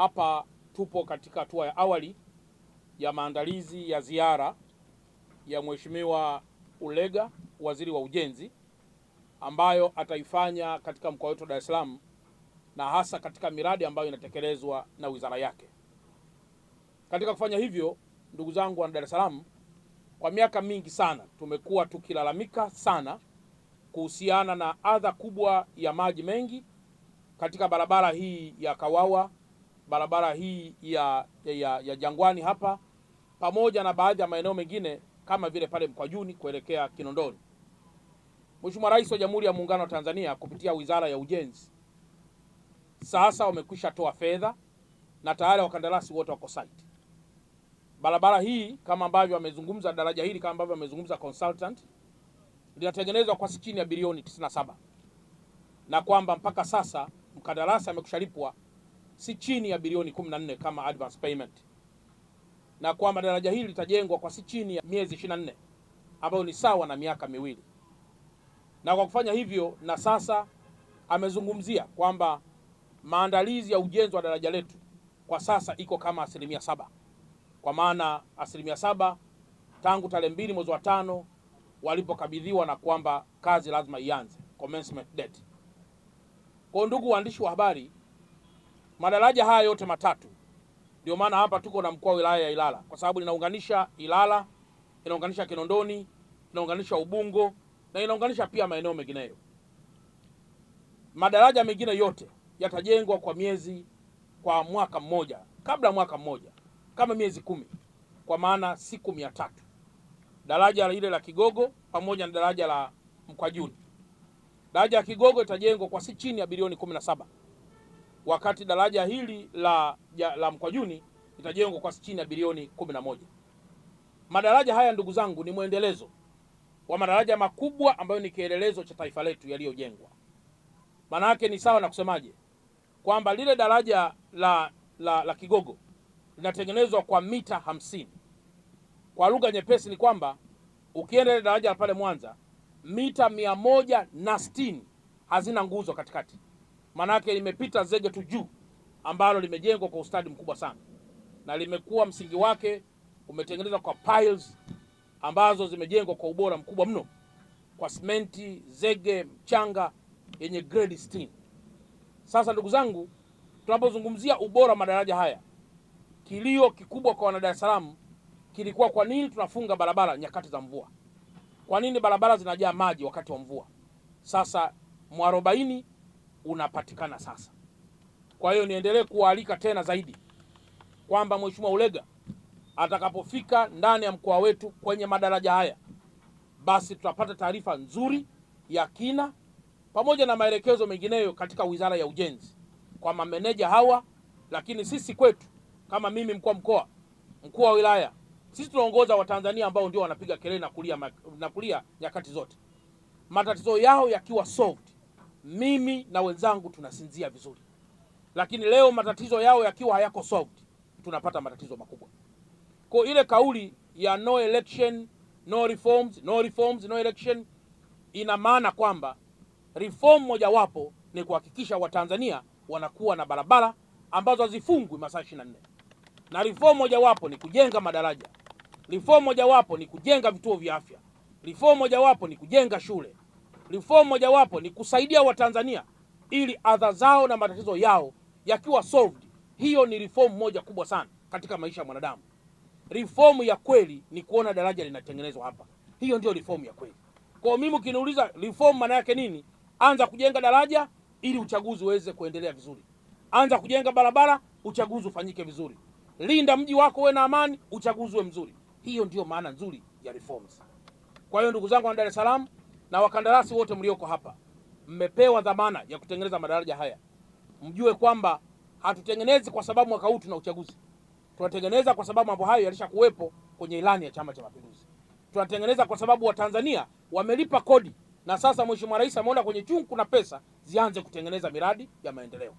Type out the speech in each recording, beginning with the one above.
Hapa tupo katika hatua ya awali ya maandalizi ya ziara ya Mheshimiwa Ulega, waziri wa ujenzi, ambayo ataifanya katika mkoa wetu wa Dar es Salaam na hasa katika miradi ambayo inatekelezwa na wizara yake. Katika kufanya hivyo, ndugu zangu wa Dar es Salaam, kwa miaka mingi sana tumekuwa tukilalamika sana kuhusiana na adha kubwa ya maji mengi katika barabara hii ya Kawawa barabara hii ya, ya, ya Jangwani hapa pamoja na baadhi ya maeneo mengine kama vile pale Mkwajuni kuelekea Kinondoni. Mheshimiwa Rais wa Jamhuri ya Muungano wa Tanzania kupitia Wizara ya Ujenzi sasa wamekwisha toa fedha na tayari wakandarasi wote wako site. Barabara hii kama ambavyo amezungumza, daraja hili kama ambavyo amezungumza consultant, linatengenezwa kwa chini ya bilioni 97 na kwamba mpaka sasa mkandarasi amekushalipwa si chini ya bilioni 14 kama advance payment, na kwamba daraja hili litajengwa kwa si chini ya miezi 24 ambayo ni sawa na miaka miwili. Na kwa kufanya hivyo, na sasa amezungumzia kwamba maandalizi ya ujenzi wa daraja letu kwa sasa iko kama asilimia saba, kwa maana asilimia saba tangu tarehe mbili mwezi wa tano walipokabidhiwa na kwamba kazi lazima ianze commencement date. Kwa ndugu waandishi wa habari, madaraja haya yote matatu. Ndio maana hapa tuko na mkoa wa wilaya ya Ilala kwa sababu linaunganisha Ilala, inaunganisha Kinondoni, inaunganisha Ubungo na inaunganisha pia maeneo mengineyo. Madaraja mengine yote yatajengwa kwa miezi kwa mwaka mmoja, kabla mwaka mmoja kama miezi kumi, kwa maana siku mia tatu daraja ile la Kigogo pamoja na daraja la Mkwajuni. Daraja la Kigogo itajengwa kwa si chini ya bilioni saba wakati daraja hili la, ya, la Mkwajuni litajengwa kwa chini ya bilioni kumi na moja Madaraja haya ndugu zangu ni mwendelezo wa madaraja makubwa ambayo ni kielelezo cha taifa letu yaliyojengwa. Maana yake ni sawa na kusemaje kwamba lile daraja la, la, la Kigogo linatengenezwa kwa mita hamsini. Kwa lugha nyepesi ni kwamba ukienda ile daraja la pale Mwanza mita mia moja na sitini hazina nguzo katikati manake limepita zege tu juu ambalo limejengwa kwa ustadi mkubwa sana na limekuwa msingi wake umetengenezwa kwa piles ambazo zimejengwa kwa ubora mkubwa mno kwa simenti, zege, mchanga yenye grade 60. Sasa ndugu zangu, tunapozungumzia ubora madaraja haya, kilio kikubwa kwa wana Dar es Salaam kilikuwa kwa nini tunafunga barabara nyakati za mvua? Kwa nini barabara zinajaa maji wakati wa mvua? Sasa mwarobaini unapatikana sasa. Kwa hiyo niendelee kuwaalika tena zaidi kwamba Mheshimiwa Ulega atakapofika ndani ya mkoa wetu kwenye madaraja haya, basi tutapata taarifa nzuri ya kina pamoja na maelekezo mengineyo katika Wizara ya Ujenzi kwa mameneja hawa. Lakini sisi kwetu kama mimi mkuu wa mkoa, mkuu wa wilaya, sisi tunaongoza Watanzania ambao ndio wanapiga kelele na kulia na kulia nyakati zote, matatizo yao yakiwa solved mimi na wenzangu tunasinzia vizuri, lakini leo matatizo yao yakiwa hayako solved, tunapata matatizo makubwa. Kwa ile kauli ya no election no reforms, no reforms no election ina maana kwamba reform mojawapo ni kuhakikisha Watanzania wanakuwa na barabara ambazo hazifungwi masaa 24 na reform mojawapo ni kujenga madaraja, reform mojawapo ni kujenga vituo vya afya, reform mojawapo ni kujenga shule Reform mojawapo ni kusaidia Watanzania ili adha zao na matatizo yao yakiwa solved. Hiyo ni reform moja kubwa sana katika maisha ya mwanadamu. Reform ya kweli ni kuona daraja linatengenezwa hapa, hiyo ndio reform ya kweli. Kwa mimi ukiniuliza reform maana yake nini, anza kujenga daraja ili uchaguzi uweze kuendelea vizuri. Anza kujenga barabara, uchaguzi ufanyike vizuri. Linda mji wako uwe na amani, uchaguzi uwe mzuri. Hiyo ndio maana nzuri ya reforms. Kwa hiyo ndugu zangu wa Dar es Salaam na wakandarasi wote mlioko hapa, mmepewa dhamana ya kutengeneza madaraja haya. Mjue kwamba hatutengenezi kwa sababu mwaka huu tuna uchaguzi, tunatengeneza kwa sababu mambo hayo yalishakuwepo kwenye ilani ya Chama cha Mapinduzi. Tunatengeneza kwa sababu Watanzania wamelipa kodi na sasa Mheshimiwa Rais ameona kwenye chungu kuna pesa, zianze kutengeneza miradi ya maendeleo.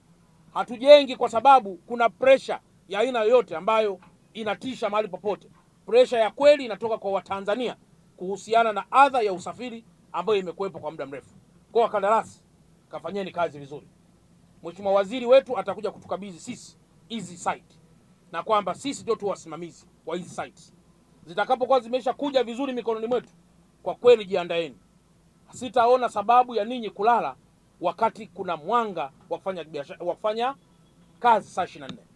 Hatujengi kwa sababu kuna presha ya aina yoyote ambayo inatisha mahali popote. Presha ya kweli inatoka kwa Watanzania kuhusiana na adha ya usafiri ambayo imekuwepo kwa muda mrefu. Kwa wakandarasi, kafanyeni kazi vizuri. Mheshimiwa waziri wetu atakuja kutukabidhi sisi hizi site na kwamba sisi ndio tu wasimamizi wa hizi sites. Zitakapokuwa zimesha kuja vizuri mikononi mwetu, kwa kweli jiandaeni, sitaona sababu ya ninyi kulala wakati kuna mwanga wa kufanya biashara, wa kufanya kazi saa 24.